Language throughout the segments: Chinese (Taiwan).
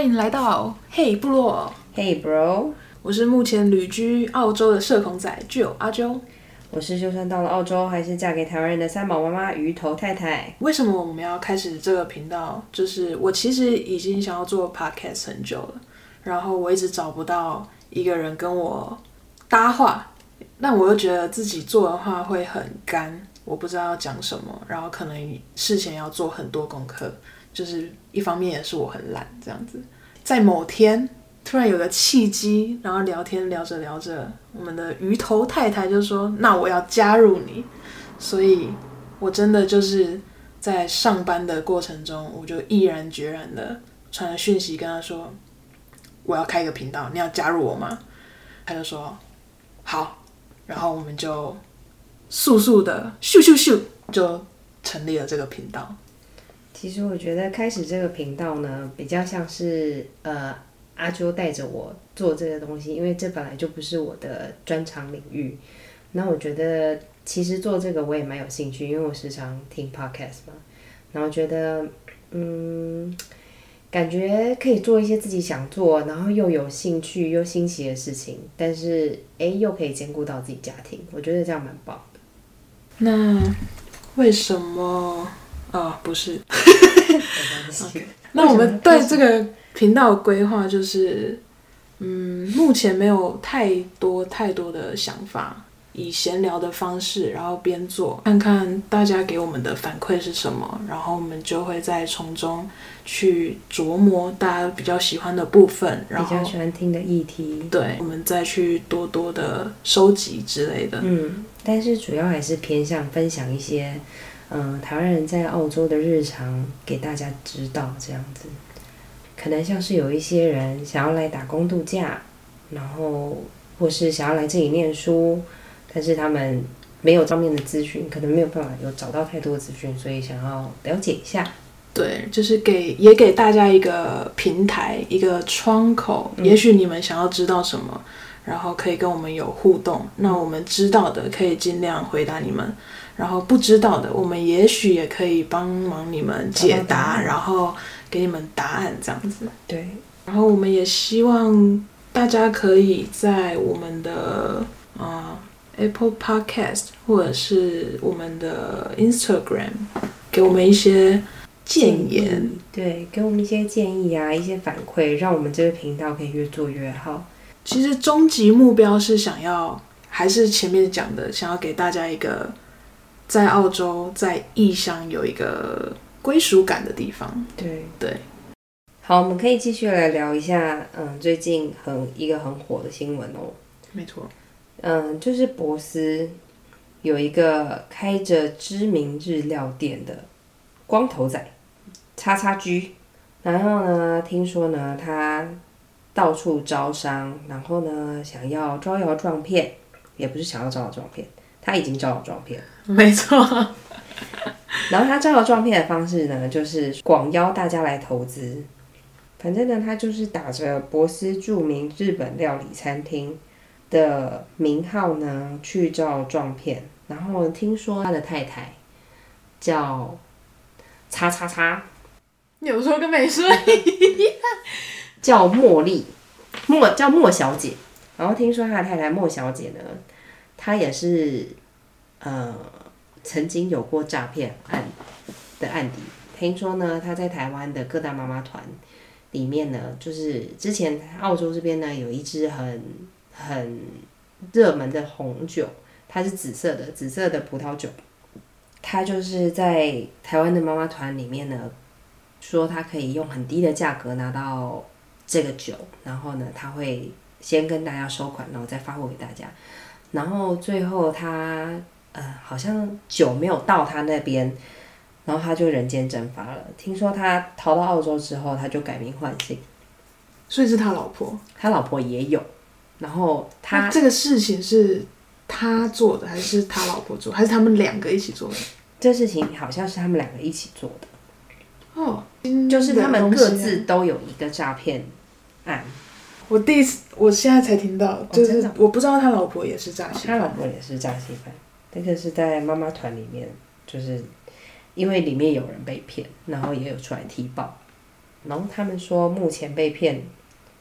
歡迎來到 Hey 部落，Hey bro，我是目前旅居澳洲的社恐仔，Jo 阿 Jo。我是就算到了澳洲，還是嫁給台灣人的三寶媽媽魚頭太太。為什麼我們要開始這個頻道？就是我其實已經想要做 podcast 很久了，然後我一直找不到一個人跟我搭話，但我又覺得自己做的話會很乾，我不知道要講什麼，然後可能事前要做很多功課。就是一方面也是我很懶這樣子，在某天突然有個契機，然後聊天聊着聊着，我們的魚頭太太就說：“那我要加入你。”所以我真的就是在上班的過程中，我就毅然決然的傳了訊息跟他說：“我要開一個頻道，你要加入我嗎？”他就說：“好。”然後我們就速速的咻咻咻就成立了這個頻道。其實我覺得開始這個頻道呢，比較像是呃阿秋帶着我做這個東西，因為這本來就不是我的專長領域。那我覺得其實做這個我也蠻有興趣，因為我時常聽 podcast 嘛。然後覺得嗯，感覺可以做一些自己想做，然後又有興趣又新奇的事情，但是誒又可以兼顧到自己家庭，我覺得這樣蠻棒的。那為什麼？啊、哦，不是， okay, 麼那我們對這個頻道規劃就是，嗯，目前沒有太多太多的想法，以閒聊的方式，然後邊做，看看大家給我們的反饋是什麼，然後我們就會再從中去琢磨大家比較喜歡的部分，然後比較喜歡聽的議題，對，我們再去多多的收集之類的。嗯，但是主要還是偏向分享一些。嗯、呃，台灣人在澳洲的日常，給大家知道這樣子，可能像是有一些人想要來打工度假，然後或是想要來這裡念書，但是他們沒有方面的資訊，可能沒有辦法有找到太多的資訊，所以想要了解一下。對，就是給也給大家一個平台，一個窗口，嗯、也許你們想要知道什麼。然後可以跟我們有互動，那我們知道的可以盡量回答你們，然後不知道的我們也許也可以幫忙你們解答，答然後給你們答案這樣子。對，然後我們也希望大家可以在我們的啊、呃、Apple Podcast 或者是我們的 Instagram 對給我們一些建言，對，對，給我們一些建議啊，一些反饋，讓我們這個頻道可以越做越好。其實終極目標是想要，還是前面講的，想要給大家一個在澳洲在異鄉有一個歸屬感的地方。對對，對。好，我們可以繼續來聊一下，嗯，最近很一個很火的新聞哦，沒錯，嗯，就是博斯有一個開着知名日料店的光頭仔叉叉居，然後呢，聽說呢他到處招商，然後呢，想要招搖撞騙，也不是想要招搖撞騙，他已經招搖撞騙了，沒錯錯。 然後他招搖撞騙的方式呢，就是廣邀大家來投資，反正呢，他就是打着博斯著名日本料理餐廳的名號呢去招搖撞騙。然後聽說他的太太叫 X X X、叉叉叉，有說跟沒說一樣。 叫茉莉，莫，叫莫小姐。然後聽說她的太太莫小姐呢，她也是呃曾經有過詐騙案的案底。聽說呢，她在台灣的各大媽媽團裡面呢，就是之前澳洲這邊呢有一支很很熱門的紅酒，它是紫色的，紫色的葡萄酒。她就是在台灣的媽媽團裡面呢，說她可以用很低的價格拿到。這個酒，然後呢，他會先跟大家收款，然後再發貨給大家，然後最後他呃好像酒沒有到他那邊，然後他就人間蒸發了。聽說他逃到澳洲之後，他就改名換姓。所以是他老婆，他老婆也有。然後他這個事情是他做的，還是他老婆做，還是他們兩個一起做的？這事情好像是他們兩個一起做的。哦，啊、就是他們各自都有一個詐騙。我第一次，我現在才聽到，就是、哦、我不知道他老婆也是詐騙，他老婆也是詐騙犯。這個是在媽媽團裡面，就是因為裡面有人被騙，然後也有出來踢爆，然後他們說目前被騙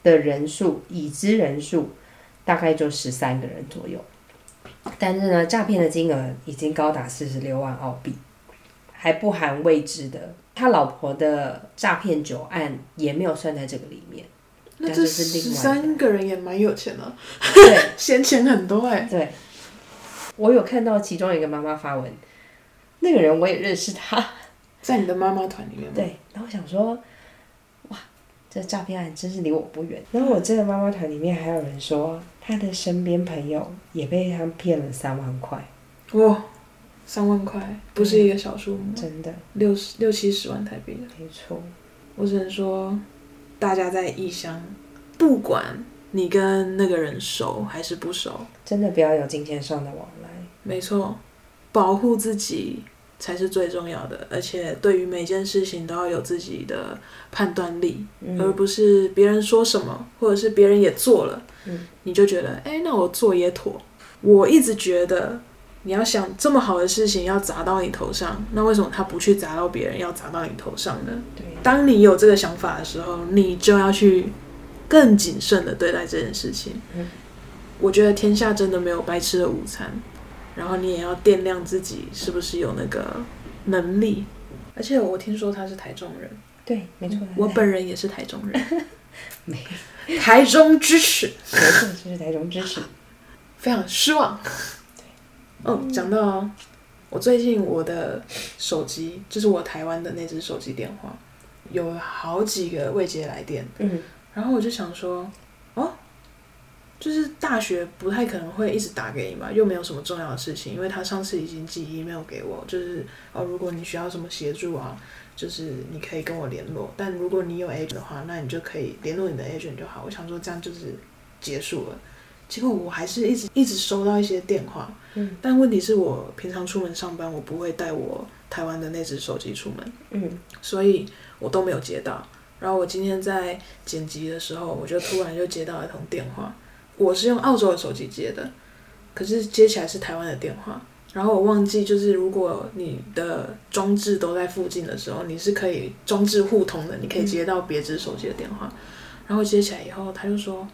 的人數，已知人數大概就十三個人左右，但是呢，詐騙的金額已經高達四十六萬澳幣，還不含未知的，他老婆的詐騙舊案也沒有算在這個裡面。那這十三個人也蠻有錢了，啊， 對，閒錢很多哎，欸。對，我有看到其中一個媽媽發文，那個人我也認識他，在你的媽媽團裡面。對，然後我想說，哇，這詐騙案真是離我不遠。然後我這個媽媽團裡面還有人說，他的身邊朋友也被他騙了三萬塊，哇，三萬塊不是一個小數目，真的六十六七十萬台幣，沒錯，我只能說。大家在異鄉，不管你跟那個人熟還是不熟，真的不要有金錢上的往來。沒錯，保護自己才是最重要的。而且對於每件事情都要有自己的判斷力，嗯、而不是別人說什麼，或者是別人也做了，嗯、你就覺得，哎，那我做也妥。我一直覺得。你要想這麼好的事情要砸到你頭上，那為什麼他不去砸到別人，要砸到你頭上呢？對，當你有這個想法的時候，你就要去更謹慎地對待這件事情。嗯，我覺得天下真的沒有白吃的午餐，然後你也要掂量自己是不是有那個能力。而且我聽說他是台中人，對，沒錯，我本人也是台中人。沒台中之恥，是台中之恥， 非常失望。哦，講到、哦、我最近我的手機，就是我台灣的那只手機電話，有好幾個未接來電。嗯哼，然後我就想說，哦，就是大學不太可能會一直打給你嘛，又沒有什麼重要的事情。因為他上次已經寄 email 給我，就是哦，如果你需要什麼協助啊，就是你可以跟我聯絡。但如果你有 agent 的話，那你就可以聯絡你的 agent 就好。我想說這樣就是結束了。結果我還是一直一直收到一些電話，嗯，但問題是我平常出門上班，我不會帶我台灣的那只手機出門，嗯，所以我都沒有接到。然後我今天在剪輯的時候，我就突然又接到一通電話，我是用澳洲的手機接的，可是接起來是台灣的電話。然後我忘記，就是如果你的裝置都在附近的時候，你是可以裝置互通的，你可以接到別只手機的電話。嗯，然後接起來以後，他就說。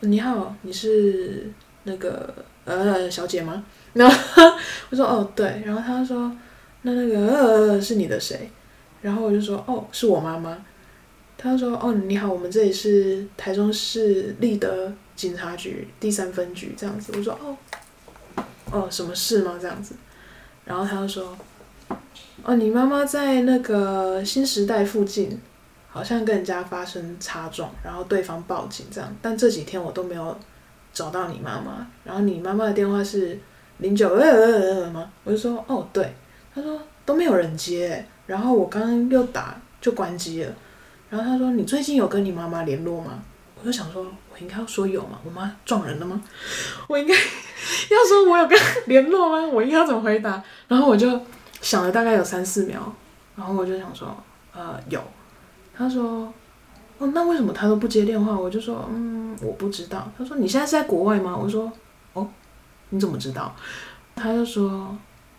你好，你是那個，呃，小姐嗎？然 後我說哦對，然後他就說，那那個呃，是你的誰？然後我就說，哦是我媽媽。他就說，哦你好，我們這裡是台中市立德警察局第三分局這樣子。我說哦哦什麼事嗎這樣子？然後他就說，哦你媽媽在那個新時代附近好像跟人家發生擦撞，然後對方報警這樣。但這幾天我都沒有找到你媽媽。然後你媽媽的電話是零九二二二二嗎？我就說哦對，他說都沒有人接。然後我剛剛又打就關機了。然後他說你最近有跟你媽媽聯絡嗎？我就想說我應該要說有嗎？我媽撞人了嗎？我應該要說我有跟聯絡嗎？我應該要怎麼回答？然後我就想了大概有三四秒，然後我就想說呃有。他說：“哦，那為什麼他都不接電話？”我就說：“嗯，我不知道。”他說：“你現在是在國外嗎？”我說：“哦，你怎麼知道？”他就說：“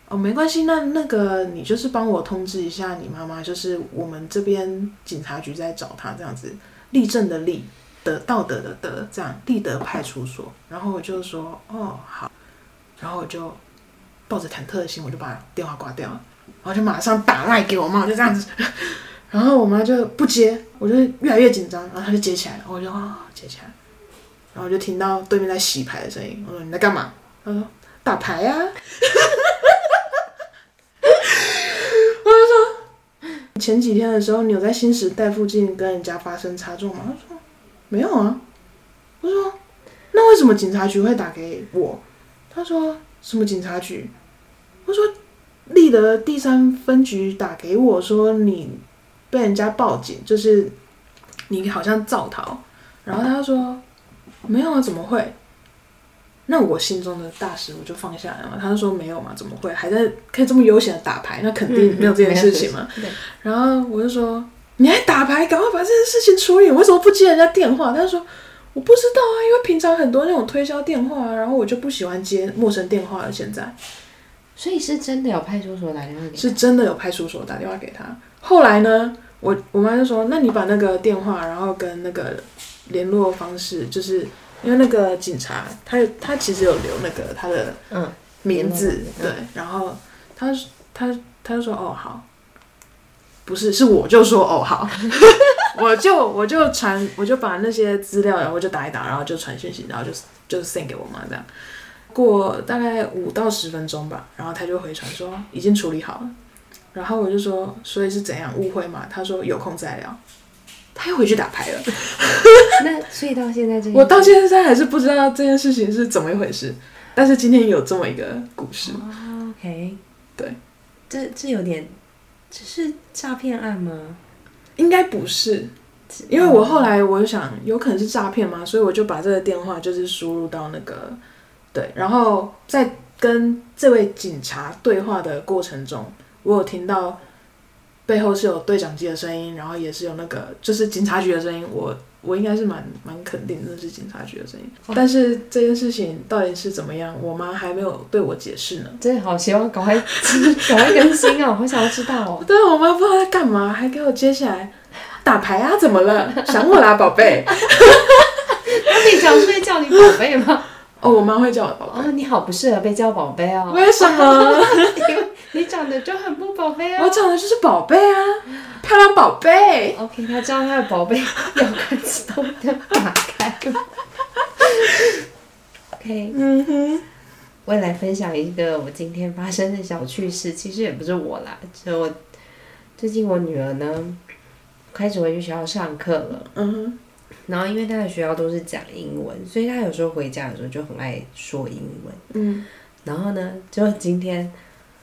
哦，沒關係，那那個你就是幫我通知一下你媽媽，就是我們這邊警察局在找他，這樣子。”立正的立，德，道德的德，這樣立德派出所。然後我就說：“哦，好。”然後我就抱着忐忑的心，我就把電話掛掉了，然後就馬上打賴給我媽，就這樣子。然後我媽就不接，我就越來越緊張，然後她就接起來了，我就哇、哦、接起來，然後我就聽到對面在洗牌的聲音，我說，你在幹嘛？她說打牌呀、啊。 我就說，前幾天的時候，你有在新時代附近跟人家發生擦撞嗎？她說沒有啊。我說那為什麼警察局會打給我？她說什麼警察局？我說立德第三分局打給我說你。被人家報警，就是你好像造逃，然後他就說沒有啊，怎麼會？那我心中的大石我就放下來了。他就說沒有嘛、啊，怎麼會？還在可以這麼悠閒的打牌，那肯定、嗯、沒，有沒有這件事情嘛。有然後我就說對你還打牌，趕快把這件事情處理。我為什麼不接人家電話？他就說我不知道啊，因為平常很多那種推銷電話，然後我就不喜歡接陌生電話了。現在，所以是真的有派出所打電話，是真的有派出所打電話給他。後來呢，我我媽就說：“那你把那個電話，然後跟那個聯絡方式，就是因為那個警察，他他其實有留那個他的名字，嗯、對。嗯、然後他他他就說：‘哦，好。’不是，是我就說：‘哦，好。 ’我就我就傳，我就把那些資料，然後就打一打，然後就傳訊息，然後就就 send 給我媽這樣。過大概五到十分鐘吧，然後他就回傳說已經處理好了。”然後我就說，所以是怎樣誤會嘛？他說有空再聊。他又回去打牌了。 那所以到現在這，我到現在還是不知道這件事情是怎麼一回事。但是今天有這麼一個故事。Oh, OK，對，這這有點，這是詐騙案嗎？應該不是，因為我後來我就想有可能是詐騙嘛，所以我就把這個電話就是輸入到那個對，然後在跟這位警察對話的過程中。我有聽到背後是有對講機的聲音，然後也是有那個就是警察局的聲音，我我應該是蠻蠻肯定那是警察局的聲音。哦、但是這件事情到底是怎麼樣，我媽還沒有對我解釋呢。真的好希望趕快趕快更新啊、哦！ 我好想要知道哦。對我媽不知道在幹嘛，還給我接下來打牌啊？怎麼了？想我啦、啊，寶貝。你講是會叫你寶貝嗎？哦，我媽會叫我寶貝、哦、你好不適合被叫寶貝哦。為什麼？ 你長得就很不寶貝啊！我長得就是寶貝啊，漂亮寶貝。OK，他知道他的寶貝，要開始都打開了。OK，嗯哼。我也來分享一個我今天發生的小趣事，其實也不是我啦，就我最近我女兒呢開始回去學校上課了。嗯哼。然後因為她的學校都是講英文，所以她有時候回家的時候就很愛說英文。嗯。然後呢，就今天。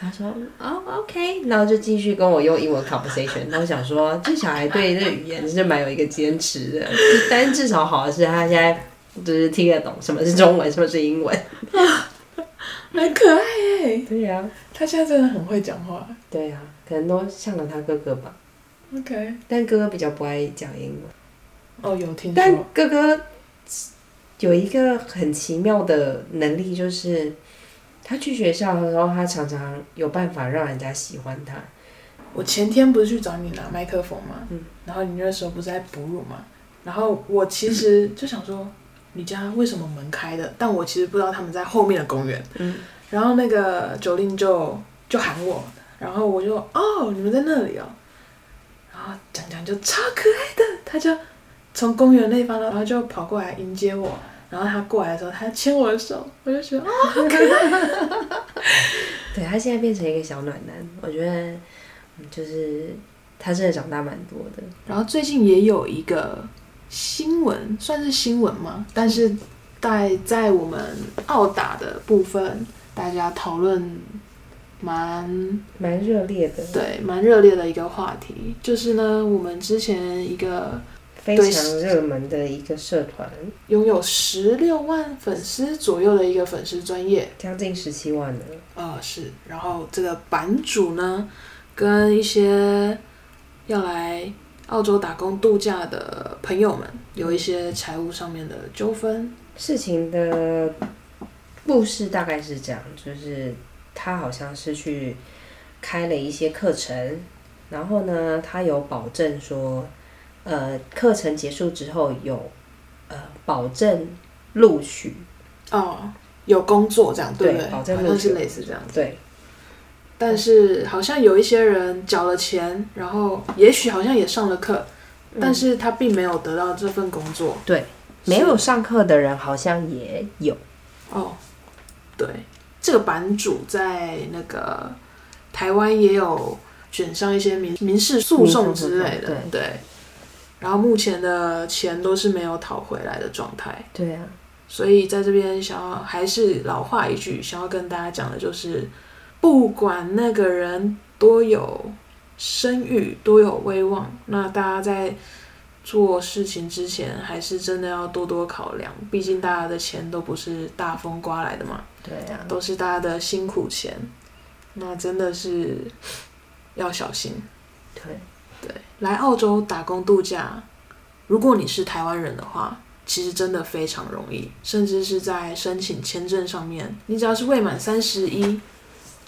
他說：“哦，OK，然後就繼續跟我用英文 composition。”那我想說，這小孩對這語言是蠻有一個堅持的。但至少好的是，他現在就是聽得懂什麼是中文，什麼是英文蠻很可愛哎、欸。對呀、啊，他現在真的很會講話。對呀、啊，可能都像了他哥哥吧。OK，但哥哥比較不愛講英文。哦，oh, 有聽。但哥哥有一個很奇妙的能力，就是。他去學校的時候，他常常有辦法讓人家喜歡他。我前天不是去找你拿麥克風嘛，嗯，然後你那時候不是在哺乳嘛，然後我其實就想說，你家為什麼門開的？嗯，但我其實不知道他們在後面的公園。嗯，然後那個九令就就喊我，然後我就哦，你們在那裡哦。然後講講就超可愛的，他就從公園那方然後就跑過來迎接我。然後他過來的時候，他牽我的手，我就覺得啊，很可愛。 對，他現在變成一個小暖男，我覺得就是他真的長大蠻多的。然後最近也有一個新聞，算是新聞嘛，但是在在我們澳打的部分，大家討論蠻蠻熱烈的，對，蠻熱烈的一個話題，就是呢，我們之前一個。非常熱門的一個社團，擁對有十六萬粉絲左右的一個粉絲專頁，將近十七萬了。啊、呃，是。然後這個版主呢，跟一些要來澳洲打工度假的朋友們，有一些財務上面的糾紛。事情的故事大概是這樣，就是他好像是去開了一些課程，然後呢，他有保證說。呃，課程結束之後有呃保證錄取哦，oh, 有工作這樣對，對保證錄取是類似這樣對。但是，嗯、好像有一些人繳了錢，然後也許好像也上了課，但是他並沒有得到這份工作。嗯、是對，沒有上課的人好像也有哦。Oh, 對，這個版主在那個台灣也有卷上一些民民事訴訟之類的，對。對然後目前的錢都是沒有討回來的狀態。對啊，所以在這邊想要還是老話一句，想要跟大家講的就是，不管那個人多有聲譽、多有威望，那大家在做事情之前，還是真的要多多考量。畢竟大家的錢都不是大風颳來的嘛，對啊，都是大家的辛苦錢，那真的是要小心。對。來澳洲打工度假，如果你是台灣人的話，其實真的非常容易，甚至是在申請簽證上面，你只要是未滿三十一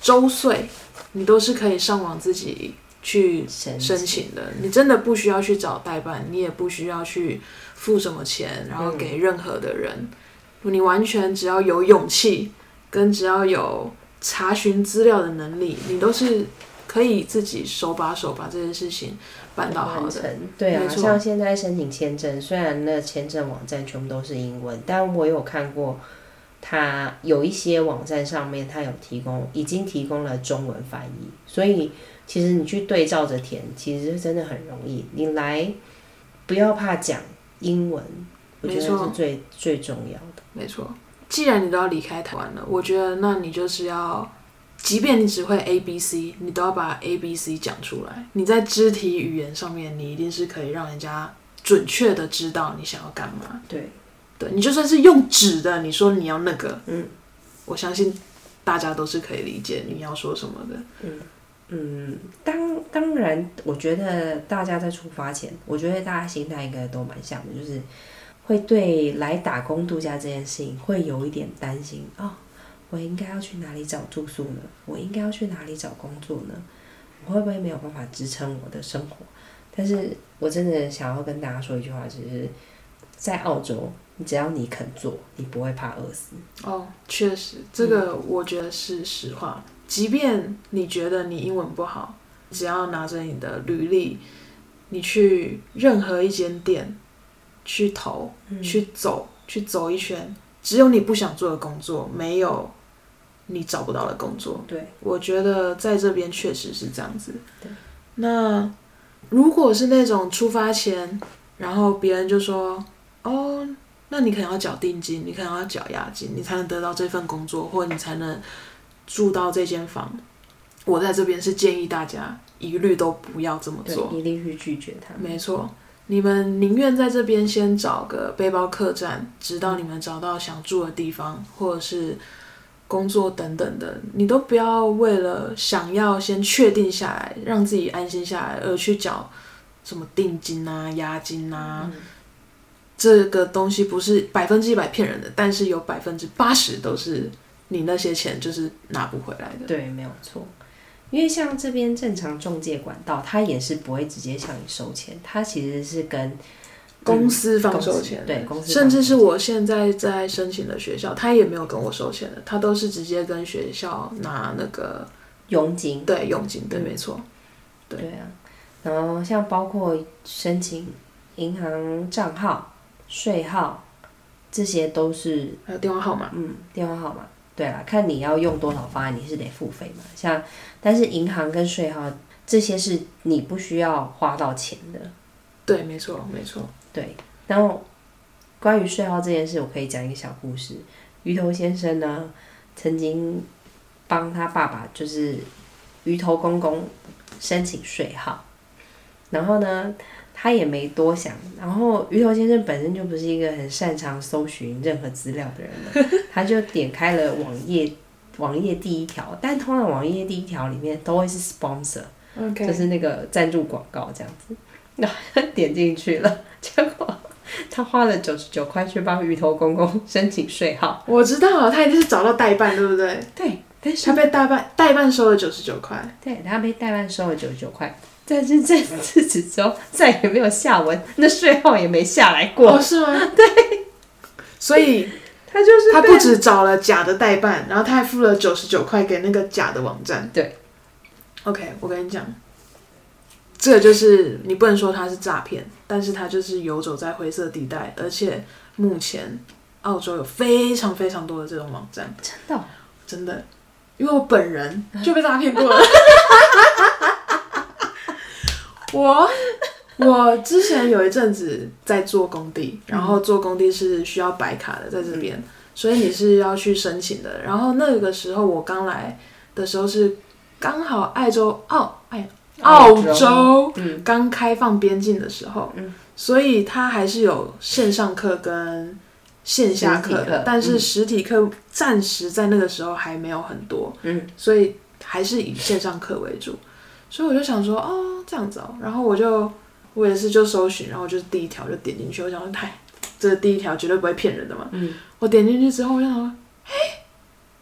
週歲，你都是可以上網自己去申請的。你真的不需要去找代辦，你也不需要去付什麼錢，然後給任何的人，嗯、你完全只要有勇氣跟只要有查詢資料的能力，你都是。可以自己手把手把這件事情辦到好的。成、嗯。對啊，沒錯啊，像現在申請簽證，雖然那簽證網站全部都是英文，但我有看過，它有一些網站上面它有提供，已經提供了中文翻譯，所以其實你去對照着填，其實真的很容易。你來不要怕講英文，沒錯。我覺得是最最重要的。沒錯，既然你都要離開台灣了，我覺得那你就是要。即便你只會 A B C，你都要把 A B C 講出來。你在肢體語言上面，你一定是可以讓人家準確的知道你想要幹嘛。對，對，你就算是用紙的，你說你要那個，嗯，我相信大家都是可以理解你要說什麼的。嗯嗯，當、嗯、當然，我覺得大家在出發前，我覺得大家心態應該都蠻像的，就是會對來打工度假這件事情會有一點擔心啊。哦我應該要去哪裡找住宿呢？我應該要去哪裡找工作呢？我會不會沒有辦法支撐我的生活？但是我真的想要跟大家說一句話，就是在澳洲，你只要你肯做，你不會怕餓死。哦，確實，這個我覺得是實話。嗯、即便你覺得你英文不好，只要拿着你的履歷，你去任何一間店去投、嗯、去走、去走一圈，只有你不想做的工作沒有。你找不到的工作，對，我覺得在這邊確實是這樣子。對那如果是那種出發前，然後別人就說，哦，那你可能要繳定金，你可能要繳押金，你才能得到這份工作，或你才能住到這間房。我在這邊是建議大家一律都不要這麼做，一定去拒絕他。沒錯，你們寧願在這邊先找個背包客棧，直到你們找到想住的地方，或者是。工作等等的，你都不要為了想要先確定下來，讓自己安心下來而去繳什麼定金啊、押金啊，嗯、這個東西不是百分之一百騙人的，但是有百分之八十都是你那些錢就是拿不回來的。對，沒有錯，因為像這邊正常中介管道，他也是不會直接向你收錢，他其實是跟。公司放收錢，對、嗯、公司，公司放收錢，甚至是我現在在申請的學校，嗯、他也沒有跟我收錢的，他都是直接跟學校拿那個佣金。對，佣金，對，嗯、沒錯。對，對啊，然後像包括申請銀行賬號、稅號，這些都是還有電話號碼。嗯，電話號碼。對啊。看你要用多少方案，你是得付費嘛。嗯、像但是銀行跟稅號這些是你不需要花到錢的。對，沒錯，沒錯。對，然後關於稅號這件事，我可以講一個小故事。魚頭先生呢，曾經幫他爸爸，就是魚頭公公申請稅號，然後呢，他也沒多想。然後魚頭先生本身就不是一個很擅長搜尋任何資料的人了， 他就點開了網頁，網頁第一條，但通常網頁第一條裡面都會是 sponsor，Okay. 就是那個贊助廣告這樣子。那點進去了，結果他花了九十九塊去幫魚頭公公申請稅號。我知道，他一定是找到代辦，對不對？對，但是他被代辦代辦收了九十九塊。對，他被代辦收了九十九塊，但是這次之後再也沒有下文，那稅號也沒下來過。哦，是嗎？對，所以他就是他不止找了假的代辦，然後他還付了九十九塊給那個假的網站。對，OK，我跟你講。這個就是你不能說它是詐騙，但是它就是游走在灰色地帶，而且目前澳洲有非常非常多的這種網站，真的真的，因為我本人就被詐騙過了。 我我之前有一陣子在做工地，然後做工地是需要白卡的，在這邊，嗯，所以你是要去申請的。然後那個時候我剛來的時候是剛好愛州澳愛。哦哎呀澳洲剛開放邊境的時候，嗯、所以它還是有線上課跟線下課的，但是實體課暫時在那個時候還沒有很多，嗯，所以還是以線上課為主。嗯、所以我就想說，嗯、哦，這樣子哦，然後我就我也是就搜尋，然後就是第一條就點進去，我想說太，這是第一條絕對不會騙人的嘛，嗯，我點進去之後，我想，想，哎、欸。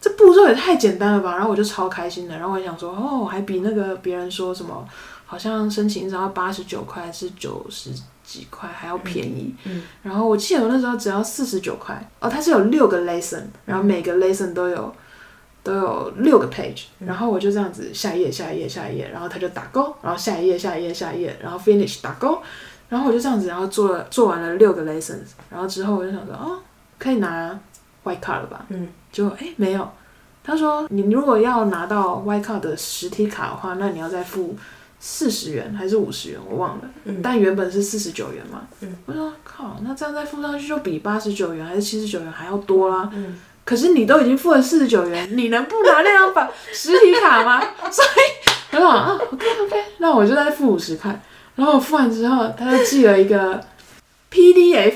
這步驟也太簡單了吧！然後我就超開心的，然後我想說，哦，還比那個別人說什麼好像申請只要八十九塊還是九十幾塊還要便宜。嗯。嗯，然後我記得我那時候只要四十九塊哦，它是有六個 lesson，然後每個 lesson 都有、嗯、都有六個 page，然後我就這樣子下一頁下一頁下一頁，然後他就打勾，然後下一頁下一頁下一頁，下一頁，然後 finish 打勾，然後我就這樣子，然後做了做完了六個 lessons，然後之後我就想說，哦，可以拿 White card 了吧？嗯，就誒、欸，沒有，他說你如果要拿到 White card 的實體卡的話，那你要再付四十元還是五十元？我忘了，嗯、但原本是四十九元嘛。嗯，我說靠，那這樣再付上去就比八十九元還是七十九元還要多啦、啊。嗯、可是你都已經付了四十九元，你能不拿那張把實體卡嗎？ 所以我說啊，OK OK，那我就再付五十塊。然後我付完之後，他就寄了一個 PDF。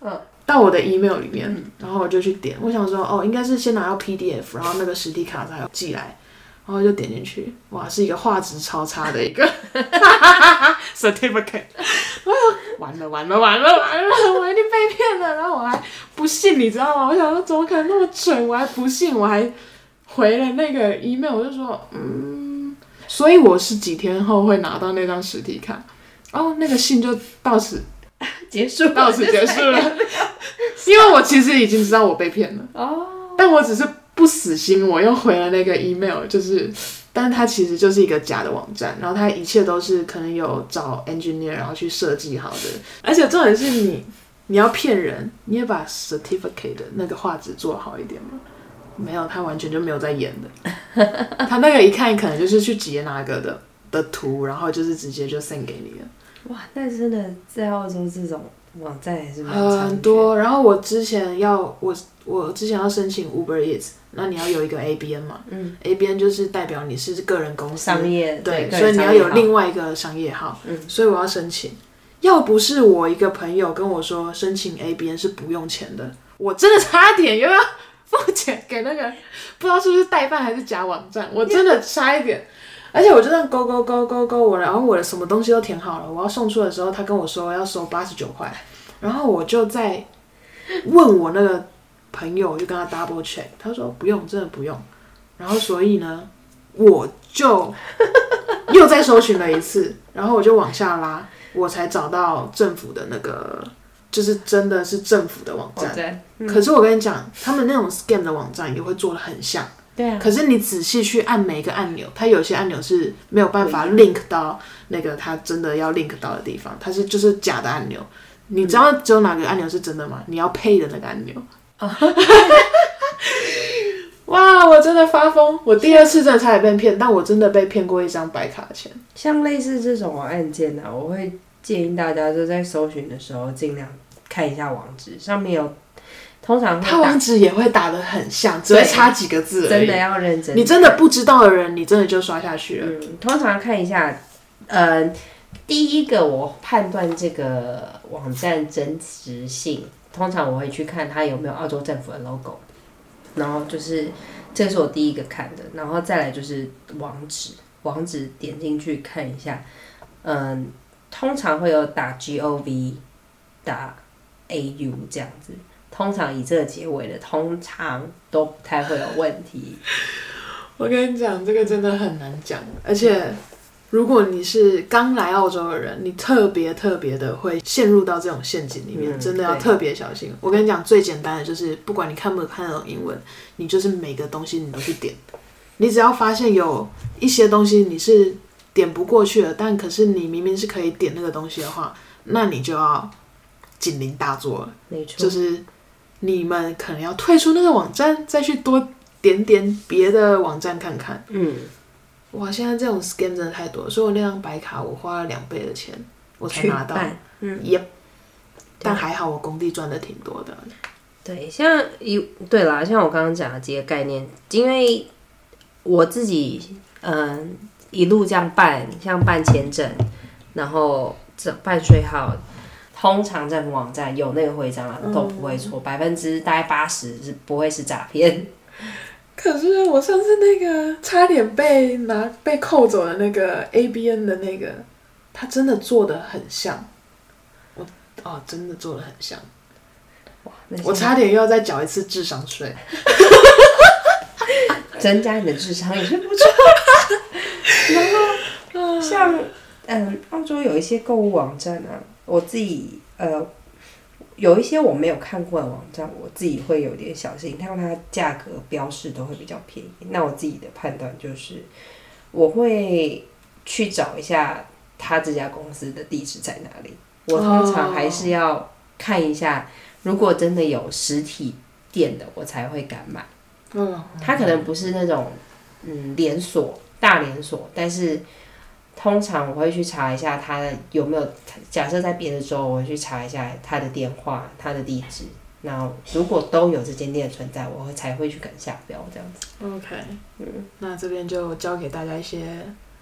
嗯。到我的 email 裡面，嗯、然後我就去點，我想說，哦，應該是先拿到 PDF，然後那個實體卡才有寄來，然後就點進去，哇，是一個畫質超差的一個哈哈哈 certificate，完了完了完了完了，完了完了完了，我一定被騙了，然後我還不信，你知道嗎？我想說，怎麼可能那麼蠢？我還不信，我還回了那個 email，我就說，嗯，所以我是幾天後會拿到那張實體卡，哦，那個信就到此。結束了，到此結束了。因為我其實已經知道我被騙了哦，但我只是不死心，我又回了那個 email，就是，但是它其實就是一個假的網站，然後它一切都是可能有找 engineer，然後去設計好的。而且重點是你， 你要騙人，你也把 certificate 的那個畫質做好一點嗎？沒有，他完全就沒有在演的， 他那個一看可能就是去截那個的的圖，然後就是直接就 send 給你了。哇，但是真的在澳洲這種網站也是很、呃、多。然後我之前要我我之前要申請 Uber Eats，那你要有一個 ABN 嘛？嗯，ABN 就是代表你是個人公司。商業。對，對對，所以你要有另外一個商業號。業號，嗯，所以我要申請。要不是我一個朋友跟我說申請 ABN 是不用錢的，我真的差一點又要付錢給那個不知道是不是代辦還是假網站，我真的差一點。Yeah. 而且我就這樣勾勾勾勾勾我，然後我的什麼東西都填好了。我要送出的時候，他跟我說要收八十九塊，然後我就在問我那個朋友，我就跟他 double check，他說不用，真的不用。然後所以呢，我就又再搜尋了一次， 然後我就往下拉，我才找到政府的那個，就是真的是政府的網站。 可是我跟你講，他們那種 scam 的網站，也會做的很像。對、啊，可是你仔細去按每一個按鈕，嗯、它有些按鈕是沒有辦法 link 到那個它真的要 link 到的地方，它是就是假的按鈕。嗯、你知道只有哪個按鈕是真的嗎？你要 pay 的那個按鈕。啊 哇，我真的發瘋！我第二次真的差點被騙，是但我真的被騙過一張白卡錢。像類似這種按鍵呢、啊，我會建議大家就在搜尋的時候儘量看一下網址上面有。通常他網址也會打得很像，只會差幾個字。真的要認真。你真的不知道的人，你真的就刷下去了。嗯，通常看一下，嗯，第一個我判斷這個網站真實性，通常我會去看它有沒有澳洲政府的 logo，然後就是這是我第一個看的，然後再來就是網址，網址點進去看一下，嗯，通常會有打 gov 打 au 這樣子。通常以這個結尾的，通常都不太會有問題。 我跟你講，這個真的很難講。而且，如果你是剛來澳洲的人，你特別特別的會陷入到這種陷阱裡面，嗯、真的要特別小心。對我跟你講，最簡單的就是，不管你看不看懂英文，你就是每個東西你都去點。你只要發現有一些東西你是點不過去了，但可是你明明是可以點那個東西的話，那你就要警鈴大作了。沒錯錯，就是。你們可能要退出那個網站，再去多點點別的網站看看。嗯，哇，現在這種 scam 真的太多了。所以我那張白卡，我花了兩倍的錢，我才拿到。倒嗯，也 Yep，對但還好我工地賺的挺多的。對，像一，對啦，像我剛剛講的幾個概念，因為我自己，嗯、呃，一路這樣辦，像辦簽證，然後這辦稅號。通常在網站有那個徽章啊，嗯、都不會錯，百分之大概八十是不會是詐騙。可是我上次那個差點被拿被扣走的那個 ABN 的那個，他真的做得很像，我哦真的做得很像，哇，我差點又要再繳一次智商稅、 啊，增加你的智商也是不錯。 然後像唉嗯，澳洲有一些購物網站呢、啊。我自己呃，有一些我沒有看過的網站，我自己會有點小心，它價格標示都會比較便宜。那我自己的判斷就是，我會去找一下他這家公司的地址在哪裡。Oh. 我通常還是要看一下，如果真的有實體店的，我才會敢買。嗯，oh. 它可能不是那種嗯，連鎖、大連鎖，但是。通常我會去查一下他有沒有假設在別的時候，我會去查一下他的電話、他的地址。那如果都有這間店存在，我會才會去趕下標這樣子。OK，嗯，那這邊就教給大家一些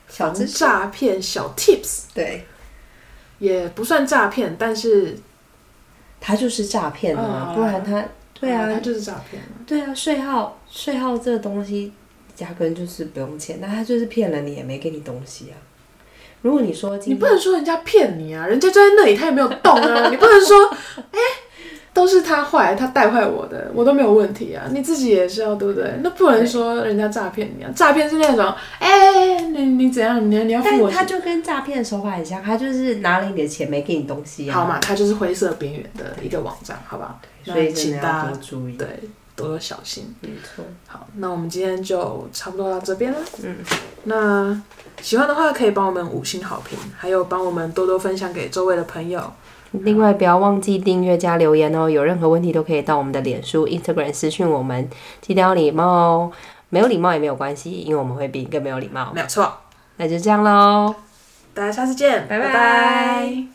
防詐騙小 Tips。對，也不算詐騙，但是他就是詐騙啊，不然他哦哦哦，對啊，對啊，他就是詐騙。對啊，稅號稅號這個東西壓根就是不用錢，那他就是騙了你，也沒給你東西啊。如果你說你不能說人家騙你啊，人家就在那裡，他也沒有動啊， 你不能說哎、欸、都是他壞，他帶壞我的，我都沒有問題啊，你自己也是要、啊、對不對？那不能說人家詐騙你啊，詐騙對是那種哎、欸、你你怎樣你你要付我，但他就跟詐騙手法一樣，他就是拿了你的錢沒給你東西、啊，好嘛，他就是灰色邊緣的一個網站，好不好？所以請大家注意，對，多多小心。沒錯錯，好，那我們今天就差不多到這邊了，嗯，那。喜歡的話，可以幫我們五星好評，還有幫我們多多分享給周圍的朋友。另外，不要忘記訂閱加留言哦！有任何問題都可以到我們的臉書、Instagram 私訊我們，記得要禮貌哦。沒有禮貌也沒有關係，因為我們會比你更沒有禮貌。沒有錯，那就這樣嘍，大家下次見，拜拜 bye。Bye bye